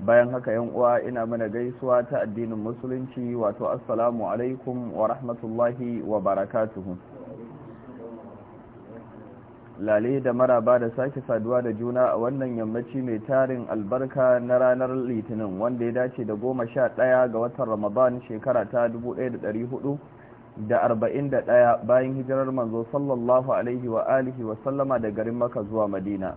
bayan haka yan uwa ina mana gaisuwa ta addinin musulunci wato assalamu alaikum wa rahmatullahi wa barakatuhu lale da maraba da sake saduwa da juna a wannan yammaci mai tarin albarka na ranar litinin wanda ya dace da goma sha ɗaya ga watan ramadan shekara ta 1441 bayan hijirar manzo sallallahu alaihi wa alihi wa sallama da garin maka zuwa madina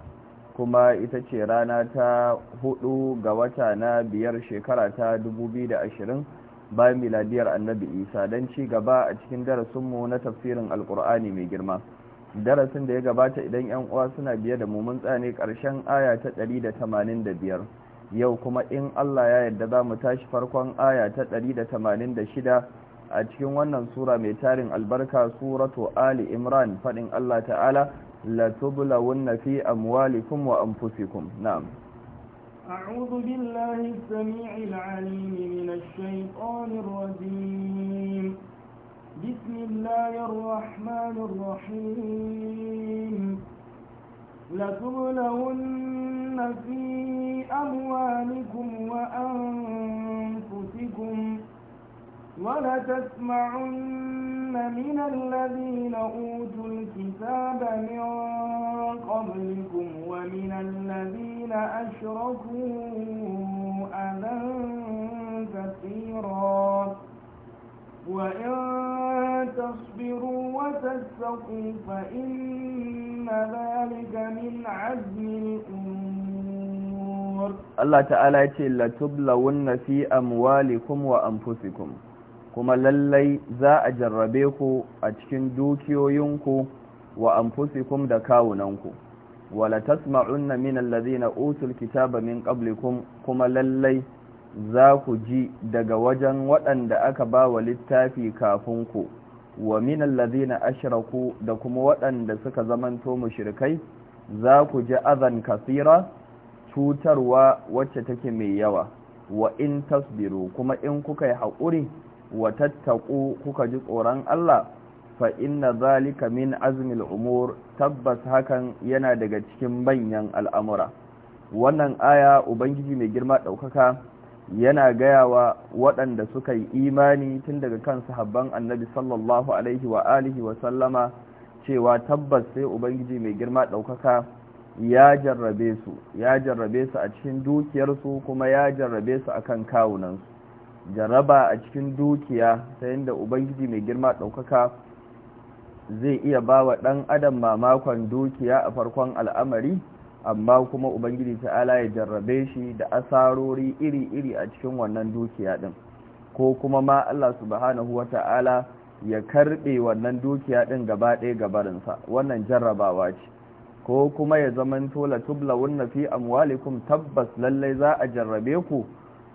kuma ita ce rana ta hudu ga wata na biyar shekara ta 2020 bayan miladiyar annabi isa don ci gaba a cikin darasinmu na tafsirin alkur'ani mai girma darasin da ya gabata idan yan uwa suna biye da mumun tsane karshen aya ta 185 yau kuma in allah ya yadda za mu tashi farkon aya ta 186 a cikin wannan sura mai tarin albarka suratu ali imran faɗin allah ta'ala لتبلون في أموالكم وأنفسكم نعم أعوذ بالله السميع العليم من الشيطان الرجيم بسم الله الرحمن الرحيم لتبلون في أموالكم وأنفسكم ولتسمعن من الذين أوتوا الكتاب من قبلكم ومن الذين أشركوا أذى كثيرا وإن تصبروا وتتقوا فإن ذلك من عزم الأمور الله تعالى يقول لتبلون في أموالكم وأنفسكم kuma lallai za a jarrabe ku a cikin dukiyoyinku wa anfusikum da kawunanku wala tasma'unna min allazina utul kitaba min qablikum kuma lallai za ku ji daga wajen waɗanda aka ba wa littafi kafin ku wa min allazina ashraku da kuma waɗanda suka zamanto mushrikai za ku ji azan kasira cutarwa wacce take mai yawa wa in tasbiru kuma in kuka yi haƙuri wa kuka ji tsoron Allah fa inna zalika min azmil umur tabbas hakan yana daga cikin manyan al'amura wannan aya ubangiji mai girma daukaka yana gayawa waɗanda suka yi imani tun daga kan sahabban annabi sallallahu alaihi wa alihi wa sallama cewa tabbas sai ubangiji mai girma daukaka ya jarrabe su ya jarrabe su a cikin dukiyarsu kuma ya jarrabe su akan kawunansu jaraba a cikin dukiya ta yadda ubangiji mai girma ɗaukaka zai iya ba wa ɗan adam mamakon dukiya a farkon al'amari amma kuma ubangiji ta'ala ya jarrabe shi da asarori iri-iri a cikin wannan dukiya ɗin ko kuma ma Allah subhanahu wa ta'ala ya karɓe wannan dukiya ɗin gaba ɗaya gabarinsa wannan jarrabawa ce ko kuma ya zamanto tola tubla wunna fi amwalikum tabbas lallai za a jarrabe ku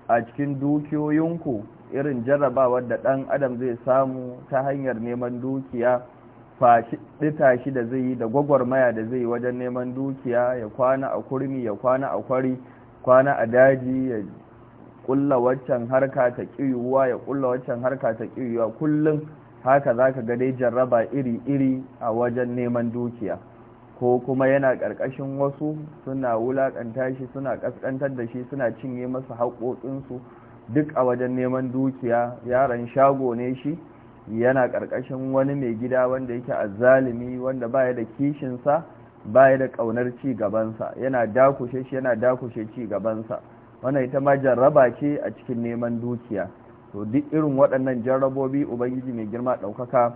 a cikin dukiyoyinku irin jarrabawar da ɗan adam zai samu ta hanyar neman dukiya faɗita shi da zai yi da gwagwarmaya da zai yi wajen neman dukiya ya kwana a kurmi ya kwana a kwari kwana a daji ya kulla waccan harka ta ƙiyuwa ya kulla waccan harka ta ƙiyuwa kullum haka za ka dai jarraba iri-iri a wajen neman dukiya ko kuma yana ƙarƙashin wasu suna wulaƙanta shi suna ƙasƙantar da shi suna cinye masa haƙoƙinsu duk a wajen neman dukiya yaron shago ne shi yana ƙarƙashin wani mai gida wanda yake azzalimi wanda baya da kishinsa baya da ƙaunar ci gabansa yana dakushe shi yana dakushe ci gabansa wannan ita ma jarraba ce a cikin neman dukiya to duk irin waɗannan jarrabobi ubangiji mai girma ɗaukaka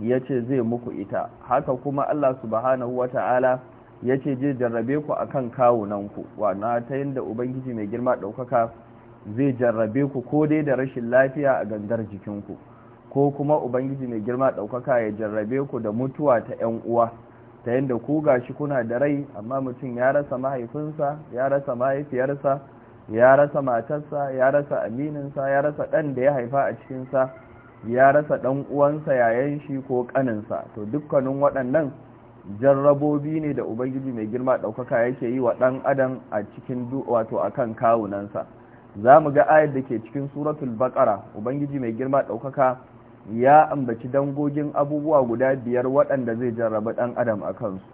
ya ce zai muku ita haka kuma Allah subhanahu wa ta'ala ya ce zai jarrabe ku a kan kawunanku wana ta yadda ubangiji mai girma ɗaukaka zai jarrabe ku ko dai da rashin lafiya a gandar jikinku ko kuma ubangiji mai girma ɗaukaka ya jarrabe ku da mutuwa ta 'yan uwa ta yadda ku shi kuna da rai amma mutum ya rasa mahaifinsa ya rasa mahaifiyarsa ya rasa matarsa ya rasa amininsa ya rasa ɗan da ya haifa a cikinsa ya rasa ɗan uwansa yayan shi ko ƙaninsa to dukkanin waɗannan jarrabobi ne da ubangiji mai girma ɗaukaka yake yi wa ɗan adam a cikin wato kan kawunansa za mu ga ayar da ke cikin suratul baƙara ubangiji mai girma ɗaukaka ya ambaci dangogin abubuwa guda biyar waɗanda zai jarraba ɗan adam a kansu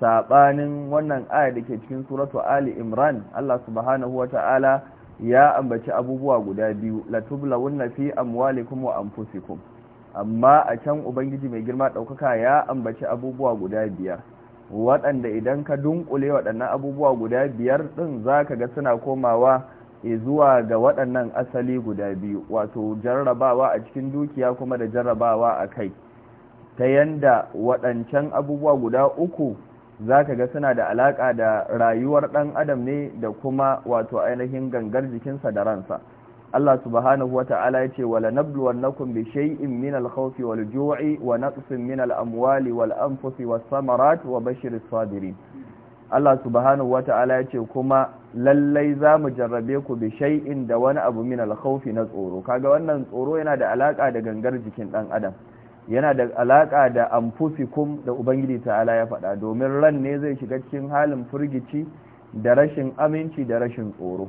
saɓanin wannan ayar da ke cikin suratul ali imran allah subhanahu wa ta'ala ya ambaci abubuwa guda biyu latubla wunna fi amwalikum wa anfusikum amma a can ubangiji mai girma ɗaukaka ya ambaci abubuwa guda biyar waɗanda idan ka dunkule waɗannan abubuwa guda biyar ɗin za ka ga suna komawa e zuwa ga waɗannan asali guda biyu wato jarrabawa a cikin dukiya kuma da jarrabawa a kai ta yanda waɗancan abubuwa guda uku za ka ga suna da alaƙa da rayuwar ɗan adam ne da kuma wato ainihin gangar jikinsa da ransa Allah subhanahu wata'ala ya ce wala nabluwannakum bi shay'in min al-khawfi wal-ju'i wa naqsin min al-amwali wal-anfusi was-samarat wa bashiris sabirin Allah subhanahu wata'ala ya ce kuma lallai za mu jarrabe ku bi shay'in da wani abu min al na tsoro kaga wannan tsoro yana da alaƙa da gangar jikin ɗan adam yana da alaƙa da amfufikum da ubangiji ta'ala ya faɗa domin ran ne zai shiga cikin halin furgici da rashin aminci da rashin tsoro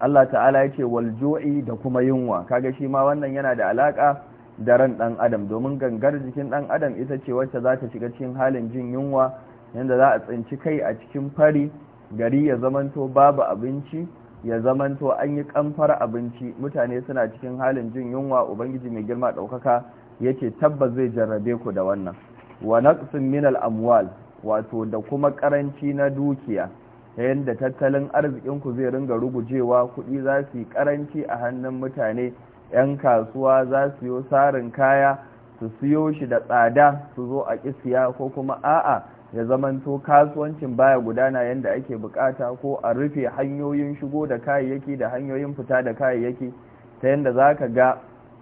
Allah ta'ala ya ce waljo'i da kuma yunwa kaga shi ma wannan yana da alaƙa da ran ɗan adam domin gangar jikin ɗan adam ita ce wacce za ta shiga cikin halin jin yunwa yadda za a tsinci kai a cikin fari gari ya zamanto babu abinci ya zamanto an yi kamfar abinci mutane suna cikin halin jin yunwa ubangiji mai girma ɗaukaka yace tabbas zai jarrabe ku da wannan wa naqsin min al-amwal wato da kuma karanci na dukiya yadda tattalin arzikinku zai ringa rugujewa kudi za su yi karanci a hannun mutane 'yan kasuwa za su yi sarin kaya su siyo shi da tsada su zo a kisiya ko kuma a'a ya zamanto kasuwancin baya gudana yanda ake bukata ko a rufe hanyoyin shigo da kayayyaki da hanyoyin fita da kayayyaki ta yanda za ka ga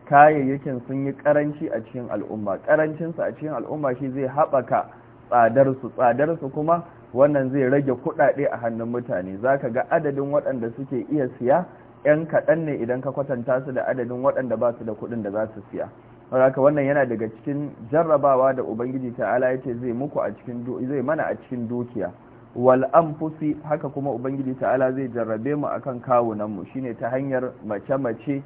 kayayyakin sun yi karanci a cikin al'umma karancinsu a cikin al'umma shi zai haɓaka tsadarsu tsadarsu kuma wannan zai rage kuɗaɗe a hannun mutane za ka ga adadin waɗanda suke iya siya 'yan kaɗan ne idan ka kwatanta su da adadin waɗanda ba su da kuɗin da za su siya haka wannan yana daga cikin jarrabawa da ubangiji ta'ala ya ce zai muku a cikin zai mana a cikin dukiya wal haka kuma ubangiji ta'ala zai jarrabe mu akan kawunan mu shine ta hanyar mace mace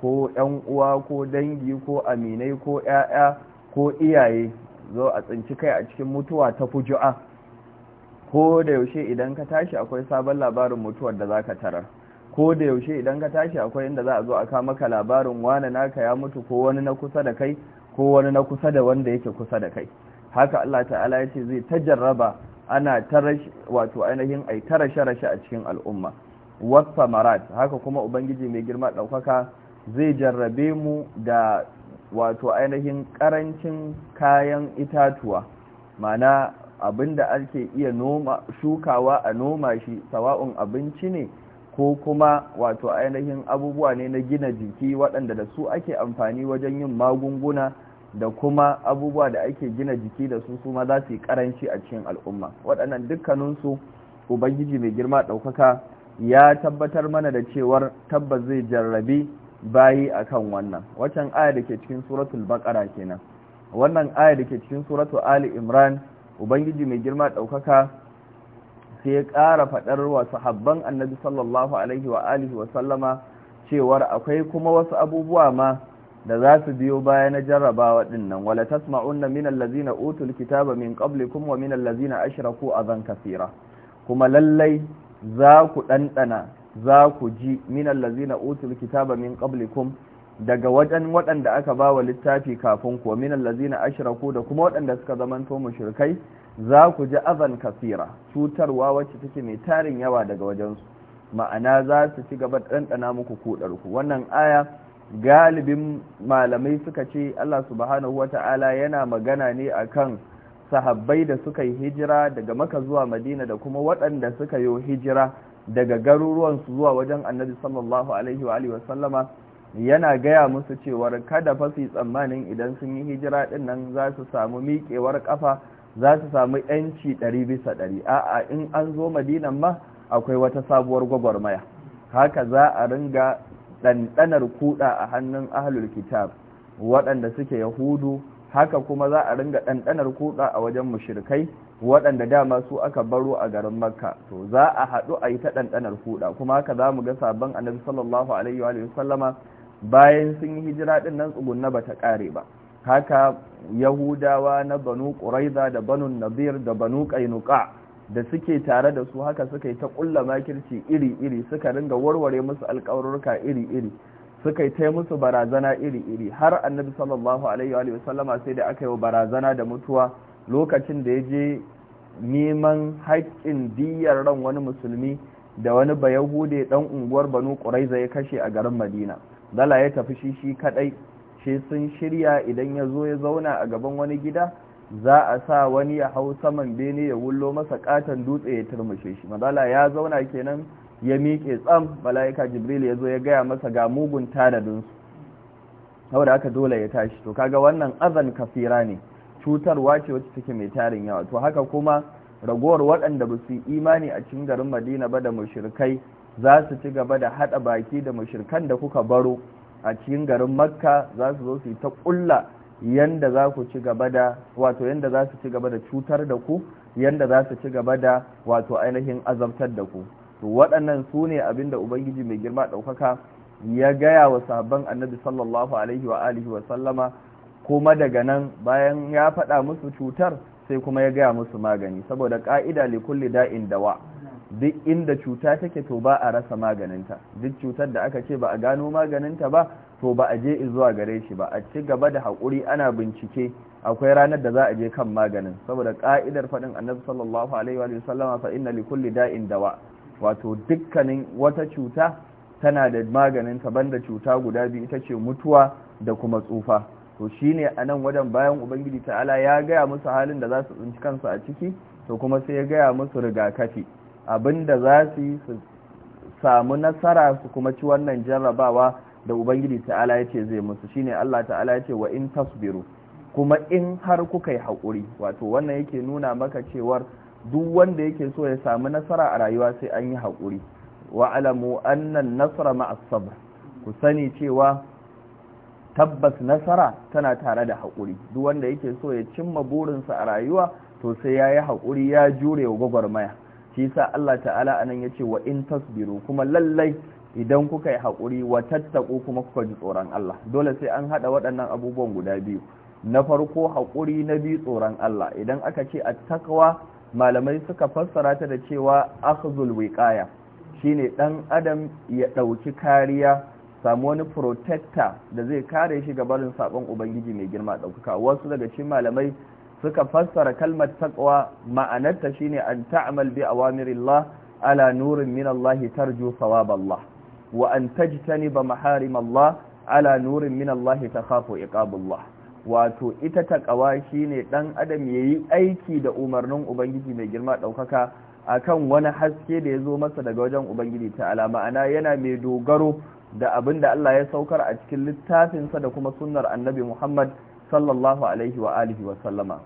ko yan uwa ko dangi ko aminai ko ƴaƴa ko iyaye zo a tsinci kai a cikin mutuwa ta fuju'a ko da yaushe idan ka tashi akwai sabon labarin mutuwar da za ka tara? ko da yaushe idan ka tashi akwai inda za a zo a kama maka labarin wani naka ya mutu ko wani na kusa da kai ko wani na kusa da wanda yake kusa da kai haka Allah ta'ala ya ce zai ta jarraba ana tarashi wato ainihin ai tarashe rashe a cikin al'umma Marat, haka kuma ubangiji mai girma daukaka zai jarrabe mu da wato ainihin karancin kayan itatuwa mana abinda ake iya noma shukawa a noma shi sawa'un abinci ne ko kuma wato ainihin abubuwa ne na gina jiki waɗanda da su ake amfani wajen yin magunguna da kuma abubuwa da ake gina jiki da su su ma za su yi karanci a cikin al'umma waɗannan dukkaninsu ubangiji mai girma ɗaukaka ya tabbatar mana da cewar tabbas zai jarrabi bayi akan wannan waccan aya da ke cikin suratul baqara kenan wannan aya da ke cikin suratul ali imran ubangiji mai girma daukaka sai ya ƙara faɗar wa sahabban annabi sallallahu alaihi wa alihi wa cewar akwai kuma wasu abubuwa ma da za su biyo baya na jarrabawa dinnan wala tasma'unna min allazina utul kitaba min qablikum wa min allazina a azan kasira kuma lallai za ku dandana za ku ji minan lazina utul kitaba min qablikum daga wajen waɗanda aka ba wa littafi kafin ku minan lazina ashraku da kuma waɗanda suka zamanto mushrikai za ku ji azan kasira cutarwa wacce take mai tarin yawa daga wajensu ma'ana za su ci gaba ɗanɗana muku kuɗarku wannan aya galibin malamai suka ce Allah subhanahu wata'ala yana magana ne akan sahabbai da suka yi hijira daga maka zuwa madina da kuma waɗanda suka yi hijira daga garuruwansu zuwa wajen annabi sallallahu alaihi wa sallama yana gaya musu cewar kada fa su tsammanin idan sun yi hijira din nan za su samu miƙewar kafa za su samu yanci ɗari bisa ɗari a'a in an zo madinan ma akwai wata sabuwar gwagwarmaya haka za a ringa ɗanɗanar kuɗa a hannun ahlul kitab waɗanda suke yahudu haka kuma za a ringa ɗanɗanar kuɗa a wajen mushrikai waɗanda dama su aka baro a garin makka to za a haɗu a yi ta ɗanɗanar kuɗa kuma haka za mu ga sabon annabi sallallahu alaihi wa sallama bayan sun yi hijira ɗin nan tsugunna ba ta ƙare ba haka yahudawa na banu ƙuraiza da banu nabir da banu ƙainuka da suke tare da su haka suka yi ta ƙulla makirci iri-iri suka ringa warware musu alƙawarurka iri-iri suka yi ta musu barazana iri-iri har annabi sallallahu alaihi wa sallama sai da aka yi wa barazana da mutuwa lokacin da ya je neman haƙƙin diyar ran wani musulmi da wani bayahude dan unguwar banu ƙuraiza ya kashe a garin madina dala ya tafi shi shi kaɗai shi sun shirya idan ya zo ya zauna a gaban wani gida za a sa wani ya hau saman bene ya wullo masa katon dutse ya turmushe shi mazala ya zauna kenan ya miƙe tsam mala'ika jibril ya zo ya gaya masa ga mugun tanadinsu saboda haka dole ya tashi to kaga wannan azan kafira ne cutarwa ce wacce take mai tarin yawa to haka kuma ragowar waɗanda ba su imani a cikin garin madina ba da mushrikai za su ci gaba da haɗa baki da mushirikan da kuka baro a cikin garin makka za su zo su yi ta ƙulla yanda za ku ci gaba da wato yanda cutar da ku yanda za su ci gaba da wato ainihin azabtar da ku to waɗannan su ne abinda ubangiji mai girma ɗaukaka ya gaya wa sahabban annabi sallallahu alaihi wa alihi wa sallama kuma daga nan bayan ya faɗa musu cutar sai kuma ya gaya musu magani saboda ƙa'ida li kulli da'in dawa duk inda cuta take to ba a rasa maganinta duk cutar da aka ce ba a gano maganinta ba to ba a je zuwa gare shi ba a ci gaba da haƙuri ana bincike akwai ranar da za a je kan maganin saboda ƙa'idar faɗin annabi sallallahu alaihi wa sallama fa inna li kulli da'in dawa wato dukkanin wata cuta tana da maganinta banda cuta guda biyu ita ce mutuwa da kuma tsufa to shine a nan wajen bayan ubangiji ta'ala ya gaya musu halin da za su tsinci kansu a ciki to kuma sai ya gaya musu rigakafi abinda za su yi su samu nasara su kuma ci wannan jarrabawa da ubangiji ta'ala ya zai musu shine Allah ta'ala ya ce wa in tasbiru kuma in har kuka yi haƙuri wato wannan yake nuna maka cewar duk wanda yake so ya samu nasara a rayuwa sai an yi haƙuri wa alamu annan nasara ma'as ku sani cewa tabbas nasara tana tare da haƙuri duk wanda yake so ya cimma burinsa a rayuwa to sai ya yi haƙuri ya jure wa gwagwarmaya shi sa Allah ta'ala a nan ya ce wa in tasbiru kuma lallai idan kuka yi haƙuri wa tattaku kuma kuka ji tsoron Allah dole sai an haɗa waɗannan abubuwan guda biyu na farko haƙuri na biyu tsoron Allah idan aka ce a takawa. malamai suka fassara ta da cewa akhzul wiqaya shine dan adam ya dauki kariya samu wani protector da zai kare shi ga barin sabon ubangiji mai girma daukaka wasu daga cikin malamai suka fassara kalmar taqwa ma'anarta shine an ta'mal bi awamirillah ala nurin min Allah tarju sawaballah wa an tajtaniba maharim ala nurin min Allah takhafu iqabullah wato ita takawa ne ɗan adam ya yi aiki da umarnin ubangiji mai girma ɗaukaka a kan wani haske da ya zo masa daga wajen ubangiji ta alama ana yana mai dogaro da abin da Allah ya saukar a cikin littafinsa da kuma sunnar annabi Muhammad sallallahu alaihi wa alihi wa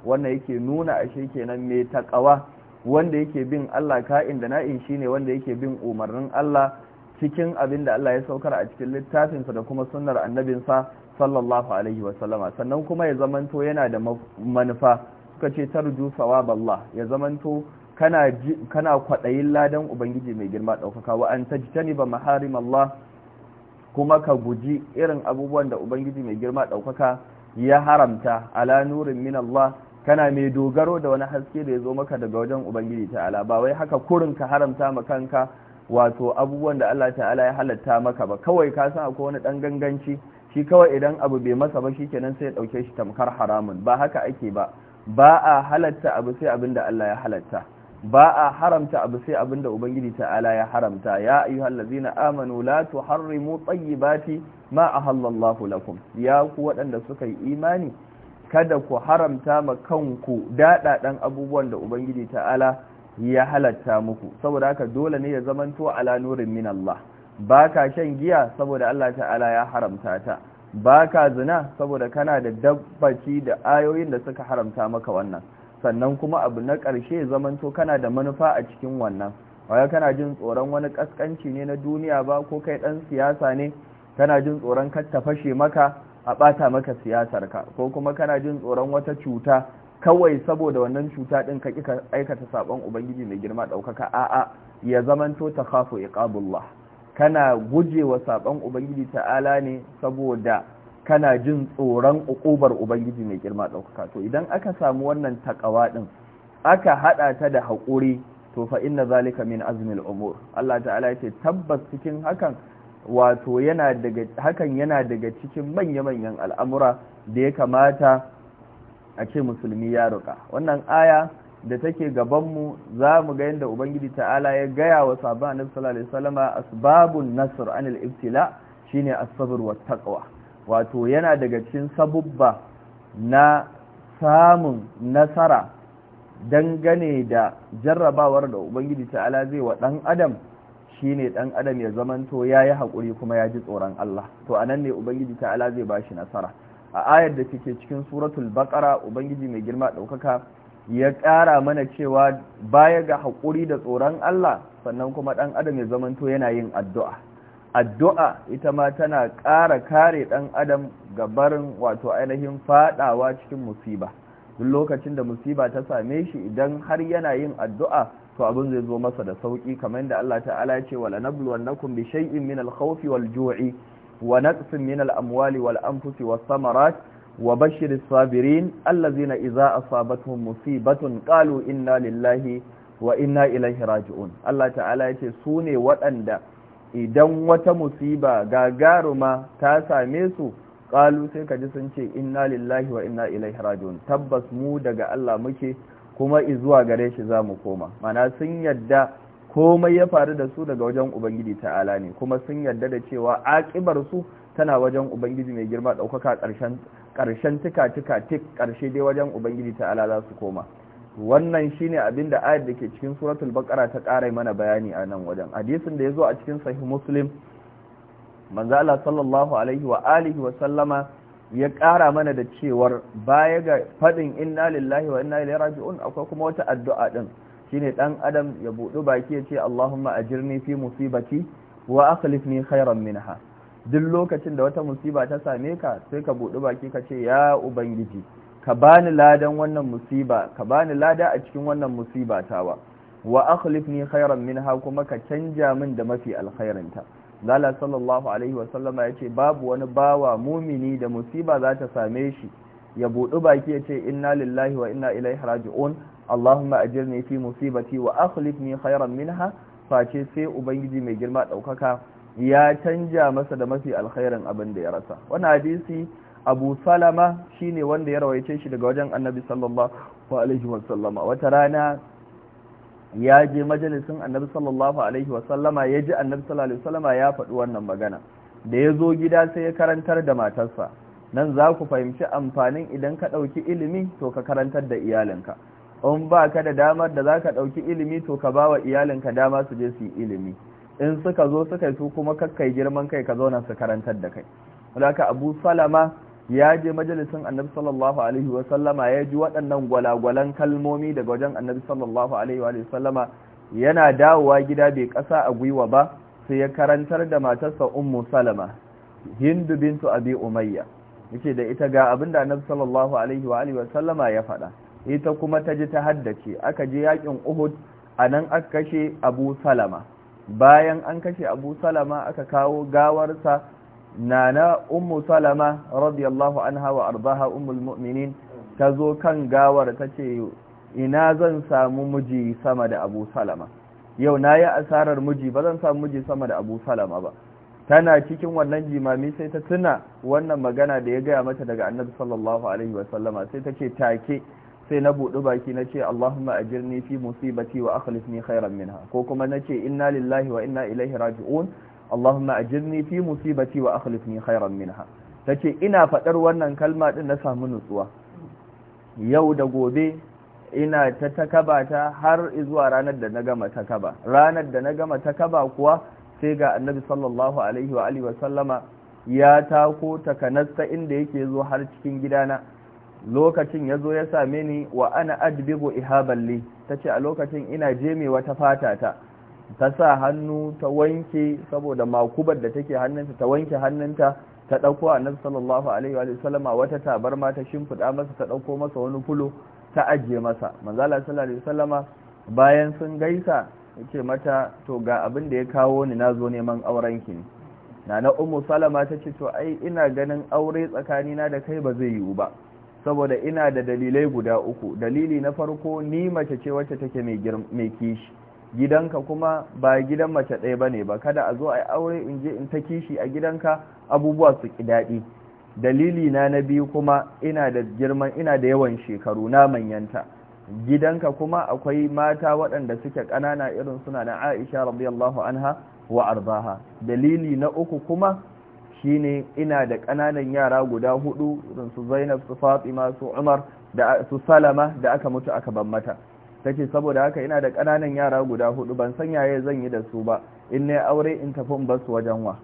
wannan yake nuna ashe kenan mai takawa wanda yake bin Allah ka'in da na'in shine wanda yake bin umarnin Allah cikin abin da Allah ya saukar a cikin littafinsa da kuma sunnar annabinsa sallallahu alaihi wasallama sannan kuma ya zamanto yana da manufa suka ce tarju Allah. ya zamanto kana kana kwadayin ladan ubangiji mai girma daukaka wa an tajtani ba maharim Allah kuma ka guji irin abubuwan da ubangiji mai girma daukaka ya haramta ala nurin min Allah kana mai dogaro da wani haske da ya zo maka daga wajen ubangiji ta'ala ba wai haka kurin ka haramta ma kanka wato abubuwan da Allah ta'ala ya halatta maka ba kawai ka san akwai wani dan ganganci shi kawai idan abu bai masa ba shikenan sai ya dauke shi tamkar haramun ba haka ake ba ba a halatta abu sai abin da Allah ya halatta ba a haramta abu sai abin da Ubangiji ta'ala ya haramta ya ayyuhal ladzina amanu la tuharrimu tayyibati ma ahallallahu lakum ya ku waɗanda suka yi imani kada ku haramta ma kanku dadadan abubuwan da Ubangiji ta'ala ya halatta muku saboda haka dole ne ya zamanto ala nurin min Allah baka shan giya saboda Allah ta'ala ya haramta ta baka zina saboda kana da dabbaci da ayoyin da suka haramta maka wannan sannan kuma abu na ƙarshe zamanto kana da manufa a cikin wannan waya kana jin tsoron wani kaskanci ne na duniya ba ko kai dan siyasa ne kana jin tsoron kar ta fashe maka a bata maka siyasar ka? ko kuma kana jin tsoron wata cuta kawai saboda wannan cuta din ka kika aikata saban ubangiji mai girma daukaka a'a ya zamanto ta khafu iqabullah kana gujewa saban ubangiji ta'ala ne saboda kana jin tsoron ukubar ubangiji mai girma ɗaukaka. to idan aka samu wannan takawa din aka haɗa ta da haƙuri to fa inna zalika min azmil umur Allah ta'ala yace tabbas cikin hakan wato yana daga hakan yana daga cikin manya-manyan al'amura da ya kamata a ce musulmi ya roƙa wannan aya da take gabanmu za mu ga yadda ubangiji ta'ala ya gaya wa sabon annabi sallallahu alaihi wasallama asbabun nasr anil ibtila shine as-sabr wat taqwa wato yana daga cikin sabubba na samun nasara dangane da jarrabawar da ubangiji ta'ala zai wa dan adam shine dan adam ya zamanto yayi hakuri kuma ya ji tsoron Allah to anan ne ubangiji ta'ala zai bashi nasara a ayar da ke cikin suratul baqara ubangiji mai girma daukaka ya ƙara mana cewa baya ga haƙuri da tsoron Allah sannan kuma ɗan adam ya zamanto yana yin addu'a addu'a ita ma tana ƙara kare ɗan adam ga barin wato ainihin faɗawa cikin musiba duk lokacin da musiba ta same shi idan har yana yin addu'a to abin zai zo masa da sauƙi kamar yadda Allah ta'ala ya ce wala nabluwannakum bi shay'in min al-khawfi wal-ju'i wa naqsin min al-amwali wal anfusi was samarat wa bashir sabirin allazina idza asabatuhum musibatun qalu inna lillahi wa inna ilaihi raji'un Allah ta'ala yace su ne waɗanda idan wata musiba gagaruma ta same su qalu sai kaji sun ce inna lillahi wa inna ilaihi raji'un tabbas mu daga Allah muke kuma izuwa gare shi zamu koma mana sun yadda komai ya faru da su daga wajen ubangiji ta'ala ne kuma sun yarda da cewa akibar su tana wajen ubangiji mai girma daukaka karshen karshen tuka tuka tik karshe dai wajen ubangiji ta'ala za su koma wannan shine abin da ayat da ke cikin suratul baqara ta karai mana bayani a nan wajen hadisin da ya zo a cikin sahih muslim manzo Allah sallallahu alaihi wa alihi wa sallama ya kara mana da cewar baya ga fadin inna lillahi wa inna ilaihi raji'un akwai kuma wata addu'a din shine dan adam ya budu baki ya ce Allahumma ajirni fi musibati wa akhlifni khairan minha duk lokacin da wata musiba ta same ka sai ka budu baki ka ce ya ubangiji ka bani ladan wannan musiba ka bani lada a cikin wannan musiba tawa wa akhlifni khairan minha kuma ka canja min da mafi alkhairinta lala sallallahu alaihi wa sallama yace babu wani bawa mumini da musiba za ta same shi ya budu baki ya ce inna lillahi wa inna ilaihi raji'un Allahumma ajirni fi musibati wa akhlifni khairan minha face sai ubangiji mai girma daukaka ya canja masa da mafi alkhairin abin da ya rasa wannan hadisi Abu Salama shine wanda ya rawaice shi daga wajen Annabi sallallahu alaihi wasallama wata rana ya je majalisin Annabi sallallahu alaihi wasallama ya ji Annabi sallallahu alaihi wasallama ya faɗi wannan magana da ya zo gida sai ya karantar da matarsa nan za ku fahimci amfanin idan ka ɗauki ilimi to ka karantar da iyalinka in ba ka da damar da za ka ɗauki ilimi to ka ba wa iyalinka dama su je su yi ilimi in suka zo suka yi su kuma kakkai girman kai ka zauna su karantar da kai wadaka abu salama ya je majalisin annabi sallallahu alaihi wasallama ya ji waɗannan gwalagwalan kalmomi daga wajen annabi sallallahu alaihi wasallama yana dawowa gida bai ƙasa a gwiwa ba sai ya karantar da matarsa ummu salama hindu bintu abi umayya yake da ita ga abinda annabi sallallahu alaihi wasallama ya faɗa ita kuma ta ji ta haddace aka je yakin uhud a nan aka kashe abu salama bayan an kashe abu salama aka kawo gawarsa nana ummu salama radiyallahu anha wa ardaha ummul mu'minin ta zo kan gawar ta ce ina zan samu miji sama da abu salama yau na yi asarar miji ba zan samu miji sama da abu salama ba tana cikin wannan jimami sai ta tuna wannan magana da ya gaya mata daga annabi sallallahu alaihi wasallama sai ta ce take sai na buɗe baki na ce Allahumma ajirni fi musibati wa akhlifni khairan minha ko kuma na ce inna lillahi wa inna ilaihi raji'un Allahumma ajirni fi musibati wa akhlifni khairan minha tace ina fadar wannan kalma din na samu nutsuwa yau da gobe ina ta takaba ta har zuwa ranar da na gama takaba ranar da na gama takaba kuwa sai ga annabi sallallahu alaihi wa alihi wa sallama ya tako takanasta inda yake zo har cikin gidana lokacin ya zo ya same ni wa ana adbigo ihaballi ta ce a lokacin ina jeme wata fata ta ta sa hannu ta wanke saboda makubar da take hannunta ta wanke hannunta ta ɗauko a nan sallallahu alaihi wa sallama wata tabarma ta shimfiɗa masa ta ɗauko masa wani fulo ta ajiye masa manzala sallallahu alaihi sallama bayan sun gaisa ce mata to ga abin da ya kawo ni nazo neman auren ki ne na na ummu salama ce to ai ina ganin aure tsakanina da kai ba zai yiwu ba saboda ina da dalilai guda uku dalili na farko ni mace ce wacce take mai kishi gidanka kuma ba gidan mace ɗaya ba ne ba kada a zo a yi aure in je in ta kishi a gidanka abubuwa su ki daɗi dalili na na biyu kuma ina da girman ina da yawan shekaru na manyanta gidanka kuma akwai mata waɗanda suke ƙanana irin suna na aisha radiyallahu anha wa arzaha dalili na uku kuma shine ina da ƙananan yara guda hudu irin su Zainab su Fatima su Umar da su Salama da aka mutu aka ban mata take saboda haka ina da ƙananan yara guda hudu ban san yaye zan yi da su ba in ne aure in tafi in bar wajen wa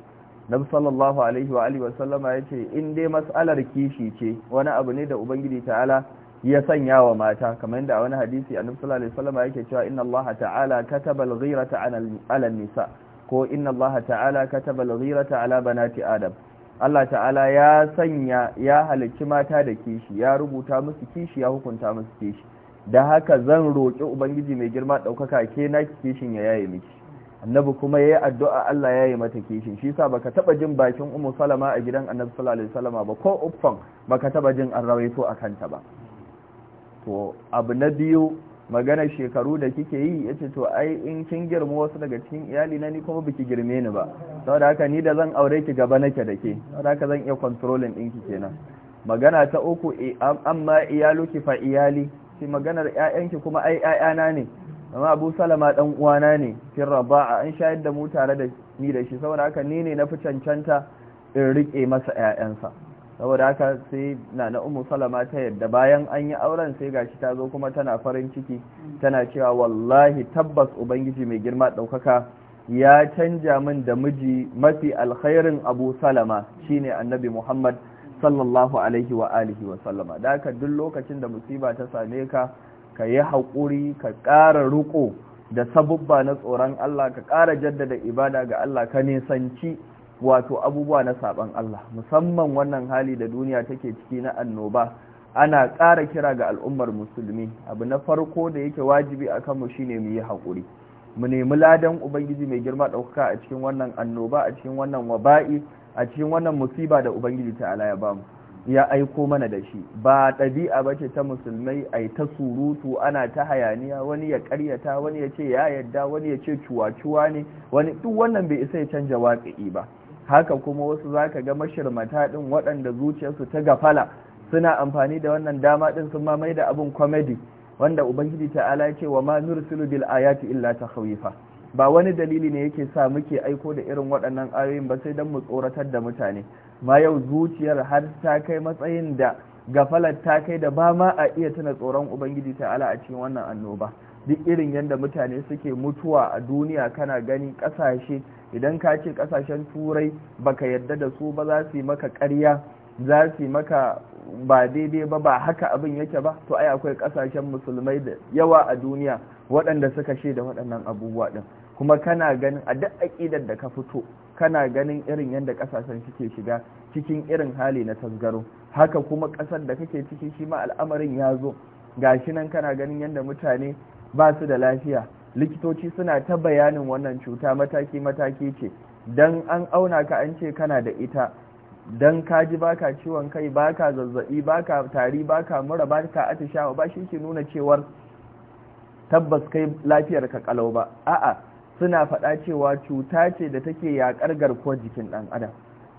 Nabi sallallahu alaihi wa alihi sallama yace in dai mas'alar kishi ce wani abu ne da Ubangiji ta'ala ya sanya wa mata kamar yadda a wani hadisi Annabi sallallahu alaihi wa sallama yake cewa inna Allah ta'ala katabal ghirata 'ala nisa' ko inna allaha ta'ala kataba al-ghirata ala banati adam Allah ta'ala ya sanya ya halicci mata da kishi ya rubuta musu kishi ya hukunta musu kishi da haka zan roƙi ubangiji mai girma ɗaukaka ke na kishin ya yaye miki annabi kuma yayi addu'a Allah ya yi mata kishin shi yasa baka taba jin bakin ummu salama a gidan annabi sallallahu alaihi wasallama ba ko uffan baka taba jin an rawaito akan ta ba to abu na biyu maganar shekaru da kike yi ya to ai in kin girma wasu daga cikin iyali na ni kuma biki girme ni ba saboda haka ni da zan aure ki gaba nake da ke saboda haka zan iya controlling ɗinki kenan magana ta uku amma iyaluki fa iyali shi maganar ƴaƴanki kuma ai ƴaƴana ne amma Abu Salama dan uwana ne kin raba'a an shayar da mu tare da ni da shi saboda haka ni ne na fi cancanta in rike masa ƴaƴansa saboda haka sai na na umu salama ta yadda bayan an yi auren sai gashi ta zo kuma tana farin ciki tana cewa wallahi tabbas ubangiji mai girma ɗaukaka ya canja min da miji mafi alkhairin abu salama shine annabi muhammad sallallahu alaihi wa alihi wa sallama da haka duk lokacin da musiba ta same ka ka yi haƙuri ka ƙara riƙo da sabubba na tsoron allah ka ƙara jaddada ibada ga allah ka nisanci wato abubuwa na saban Allah musamman wannan hali da duniya take ciki na annoba ana ƙara kira ga al'ummar musulmi abu na farko da yake wajibi a kanmu shine mu yi haƙuri mu nemi ladan ubangiji mai girma ɗaukaka a cikin wannan annoba a cikin wannan waba'i a cikin wannan musiba da ubangiji ta'ala ya bamu ya aiko mana da shi ba ɗabi'a ba ce ta musulmai a ta surutu ana ta hayaniya wani ya ƙaryata wani ya ce ya yadda wani ya ce cuwa-cuwa ne wani duk wannan bai isa ya canja waƙi'i ba haka kuma wasu zaka ga mashirmata din waɗanda zuciyarsu ta gafala suna amfani da wannan dama din sun mamai da abin comedy wanda ubangiji ta'ala ce wa ma nursilu bil ayati illa takhwifa ba wani dalili ne yake sa muke aiko da irin waɗannan ayoyin ba sai dan mu tsoratar da mutane ma yau zuciyar har ta kai matsayin da gafalar ta kai da ba ma a iya tuna tsoron ubangiji ta'ala a cikin wannan annoba duk irin yadda mutane suke mutuwa a duniya kana gani ƙasashe idan ka ce kasashen turai baka yadda da su ba za su yi maka ƙarya za su yi maka ba daidai ba ba haka abin yake ba to ai akwai kasashen musulmai da yawa a duniya waɗanda suka da waɗannan abubuwa ɗin kuma kana ganin a duk aƙidar da ka fito kana ganin irin yadda kasashen suke shiga cikin irin hali na tasgaro haka kuma ƙasar da kake ciki shi ma al'amarin ya zo gashi nan kana ganin yadda mutane ba su da lafiya likitoci suna ta bayanin wannan cuta mataki-mataki ce don an auna ka an ce kana da ita don ka ji baka ciwon kai baka zazzabi baka tari baka mura baka atishawa ba shi ke nuna cewar tabbas kai lafiyar ka kalau ba a'a suna faɗa cewa cuta ce da take yaƙar garkuwar jikin ɗan adam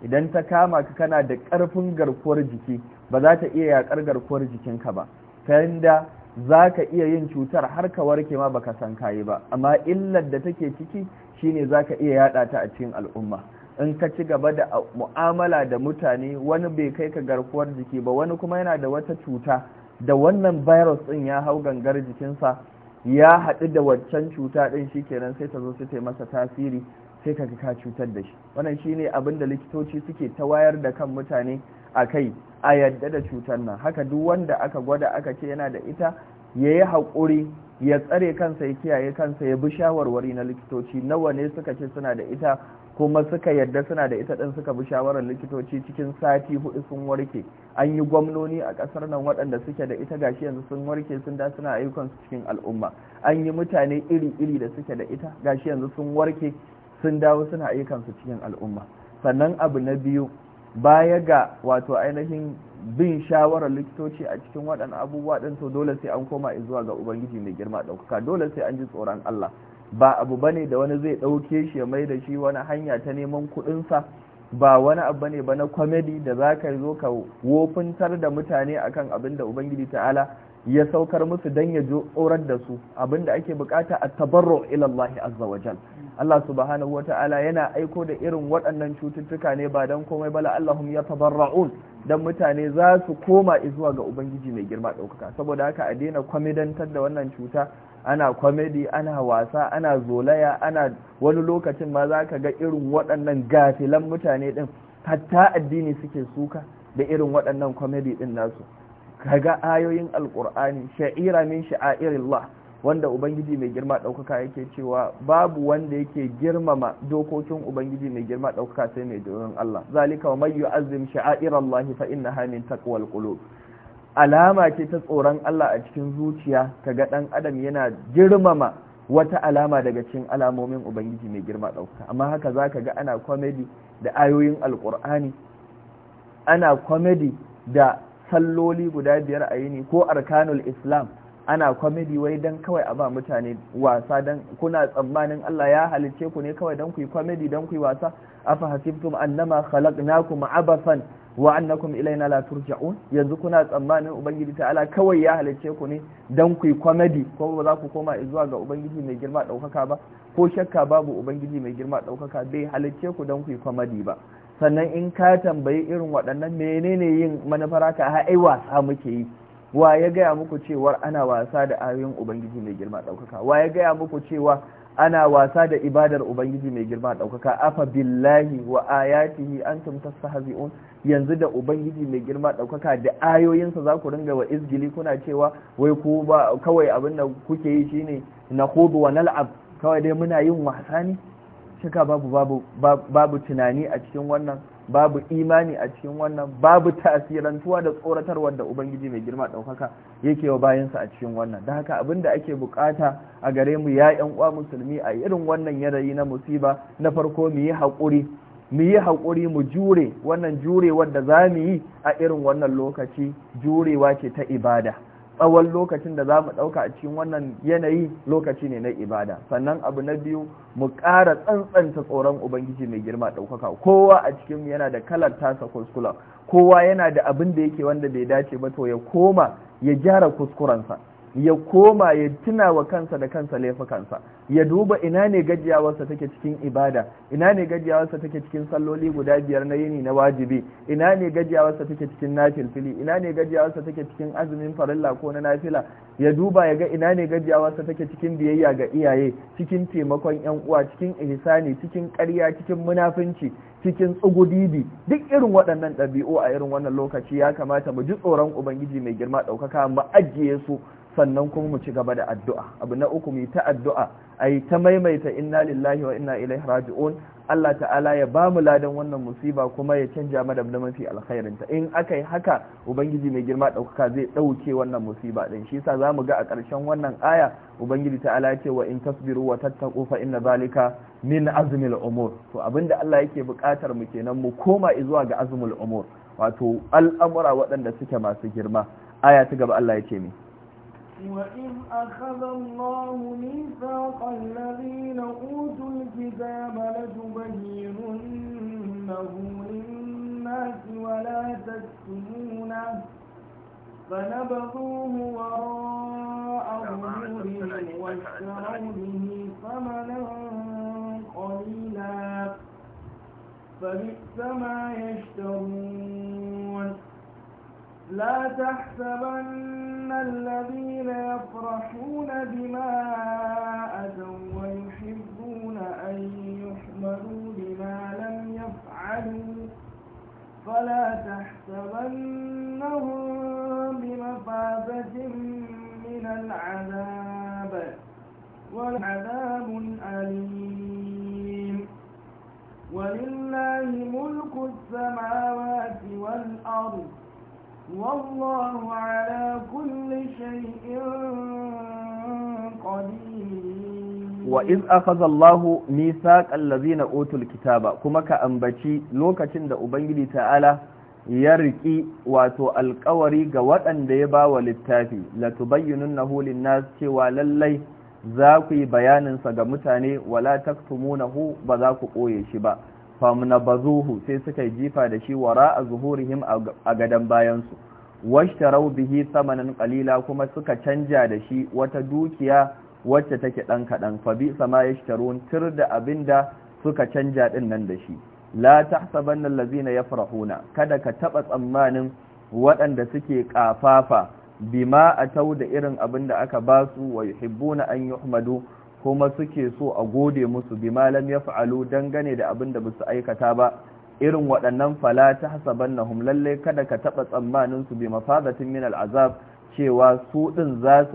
idan ta kama ka kana da ƙarfin garkuwar jiki ba za ta iya yakar garkuwar jikinka ba ta za ka iya yin cutar har ka warke ma baka san kayi ba amma illar da take ciki shine za ka iya yada ta a cikin al'umma in ka ci gaba da mu'amala da mutane wani bai kai ka garkuwar jiki ba wani kuma yana da wata cuta da wannan virus din ya hau gangar jikinsa ya haɗu da waccan cuta ɗin kenan sai ta zo su ta masa tasiri sai ka ka cutar da shi wannan shine abin da likitoci suke ta wayar da kan mutane a kai a yadda da cutar nan haka duk wanda aka gwada aka ce yana da ita ya yi haƙuri ya tsare kansa ya kiyaye kansa ya bi shawarwari na likitoci nawa ne suka ce suna da ita kuma suka yadda suna da ita ɗin suka bi shawarar likitoci cikin sati hudu sun warke an yi gwamnoni a ƙasar nan waɗanda suke da ita gashi yanzu sun warke sun da suna ayyukansu cikin al'umma an yi mutane iri-iri da suke da ita gashi yanzu sun warke sun dawo suna ayyukansu cikin al'umma sannan abu na biyu baya ga wato ainihin bin shawarar likitoci a cikin waɗannan abubuwa ɗin to dole sai an koma zuwa ga ubangiji mai girma ɗaukaka dole sai an ji tsoron Allah ba abu bane da wani zai ɗauke shi ya mai da shi wani hanya ta neman kuɗinsa ba wani abu bane ba na kwamedi da za zo ka wofintar da mutane akan abin da ubangiji ta'ala ya saukar musu dan ya orar da su abinda ake bukata a tabarru ilallahi azza wa jal Allah subhanahu wa ta'ala yana aiko da irin waɗannan cututtuka ne ba don komai bala Allahum ya tabarra'un don mutane za su koma zuwa ga Ubangiji mai girma ɗaukaka saboda haka a daina kwamidantar da wannan cuta ana kwamedi ana wasa ana zolaya ana wani lokacin ma za ka ga irin waɗannan gafilan mutane ɗin hatta addini suke suka da irin waɗannan kwamedi ɗin nasu kaga ayoyin alkur'ani sha'ira min sha'irillah wanda ubangiji mai girma ɗaukaka yake cewa babu wanda yake girmama dokokin ubangiji mai girma ɗaukaka sai mai doron Allah zalika wa mayu azim sha'airallahi fa innaha min taqwal qulub alama ce ta tsoron Allah a cikin zuciya kaga dan adam yana girmama wata alama daga cikin alamomin ubangiji mai girma ɗaukaka amma haka zaka ga ana comedy da ayoyin alqur'ani ana comedy da salloli guda biyar a yini ko arkanul islam ana kwamidi wai don kawai a ba mutane wasa don kuna tsammanin Allah ya halicce ku ne kawai don ku yi kwamidi don ku yi wasa afa hasibtum annama khalaqnakum abasan wa annakum ilaina la turja'un yanzu kuna tsammanin ubangiji ta'ala kawai ya halicce ku ne don ku yi kwamidi ko ba za ku koma zuwa ga ubangiji mai girma daukaka ba ko shakka babu ubangiji mai girma daukaka bai halicce ku don ku yi kwamidi ba sannan in ka tambayi irin waɗannan menene yin manufar haka ai wasa muke yi wa ya gaya muku cewa ana wasa da ayoyin ubangiji mai girma ɗaukaka wa ya gaya muku cewa ana wasa da ibadar ubangiji mai girma ɗaukaka afa billahi wa ayatihi antum tastahzi'un yanzu da ubangiji mai girma ɗaukaka da ayoyinsa za ku ringa wa izgili kuna cewa wai ku ba kawai abin da kuke yi shine na wa nal'ab kawai dai muna yin wasa ne shaka babu babu babu tunani a cikin wannan babu imani a cikin wannan babu tasirantuwa da tsoratarwa da ubangiji mai girma ɗaukaka yake wa bayansa a cikin wannan da haka abinda ake bukata a gare mu ya yan uwa musulmi a irin wannan yanayi na musiba na farko mu yi haƙuri mu yi hakuri mu jure wannan jurewar da za mu yi a irin wannan lokaci jurewa ce ta ibada tsawon lokacin da za mu ɗauka a cikin wannan yanayi lokaci ne na ibada sannan abu na biyu mu ƙara tsantsanta tsoron ubangiji mai girma ɗaukaka kowa a cikin yana da kalar tasa kuskula kowa yana da abin da yake wanda bai dace ba to ya koma ya gyara kuskurensa ya koma ya tuna wa kansa da kansa laifukansa ya duba ina ne gajiyawarsa take cikin ibada ina ne gajiyawarsa take cikin salloli guda biyar na yini na wajibi ina ne gajiyawarsa take cikin nafilfili ina ne gajiyawarsa take cikin azumin farilla ko na nafila ya duba ya ga ina ne gajiyawarsa take cikin biyayya ga iyaye cikin taimakon yan uwa cikin ihsani cikin ƙarya cikin munafunci cikin tsugudidi duk irin waɗannan ɗabi'u a irin wannan lokaci ya kamata mu ji tsoron ubangiji mai girma ɗaukaka mu ajiye su sannan kuma mu ci gaba da addu'a abu na uku mu ta addu'a a yi ta maimaita inna lillahi wa inna ilai raji'un Allah ta'ala ya ba mu ladan wannan musiba kuma ya canja mada da mafi alkhairinta in aka yi haka ubangiji mai girma ɗaukaka zai ɗauke wannan musiba ɗin shi yasa za mu ga a ƙarshen wannan aya ubangiji ta'ala ce wa in tasbiru wa tattaku fa inna zalika min azmil umur to abinda Allah yake buƙatar mu kenan mu koma zuwa ga azumul umur wato al'amura waɗanda suke masu girma aya ta gaba Allah ya ce ni وإذ أخذ الله ميثاق الذين أوتوا الكتاب لتبيننه للناس ولا تكتمونه فنبذوه وراء ظهورهم واشتروا به ثمنا قليلا فبئس ما يشترون لا تحسبن الذين يفرحون بما أتوا ويحبون أن يحملوا بما لم يفعلوا فلا تحسبنهم والله على كل شيء قدير وإذ أخذ الله ميثاق الذين أوتوا الكتاب كما كأنبتي لوكتن دا أبنجلي تعالى ya riƙi wato alƙawari ga waɗanda ya ba wa littafi latubayyinun na hulun nasu cewa lallai za ku yi bayaninsa ga mutane wala taktumunahu ba za ku ɓoye shi ba famna bazuhu sai suka yi jifa da shi wara a zuhurihim a gadon bayansu washtarau bihi samanin qalila kuma suka canja da shi wata dukiya wacce take ɗan kaɗan? fa bi sama yashtarun tir da abinda suka canja din nan da shi la tahsabanna allazina yafrahuna kada ka taɓa tsammanin waɗanda suke kafafa bima tau da irin abinda aka basu wa yuhibbuna an yuhmadu kuma suke so a gode musu bima lam yaf'alu dangane da abin abinda su aikata ba irin waɗannan fala ta hasaban na lalle kada ka taɓa tsammanin su bi mafadatin min al'azab cewa su ɗin za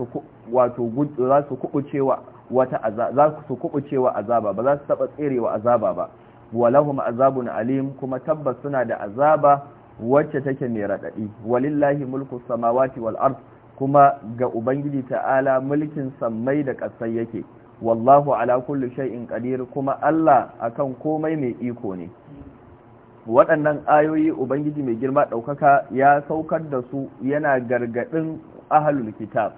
su kuɓucewa wata azaba ba za su taɓa tserewa azaba ba walahum azabun alim kuma tabbas suna da azaba wacce take mai raɗaɗi walillahi mulku samawati wal ard kuma ga ubangiji ta'ala mulkin sammai da ƙasar yake wallahu ala kulli shay'in qadir kuma Allah akan komai mai iko ne waɗannan ayoyi ubangiji mai girma ɗaukaka ya saukar da su yana gargaɗin ahalul kitab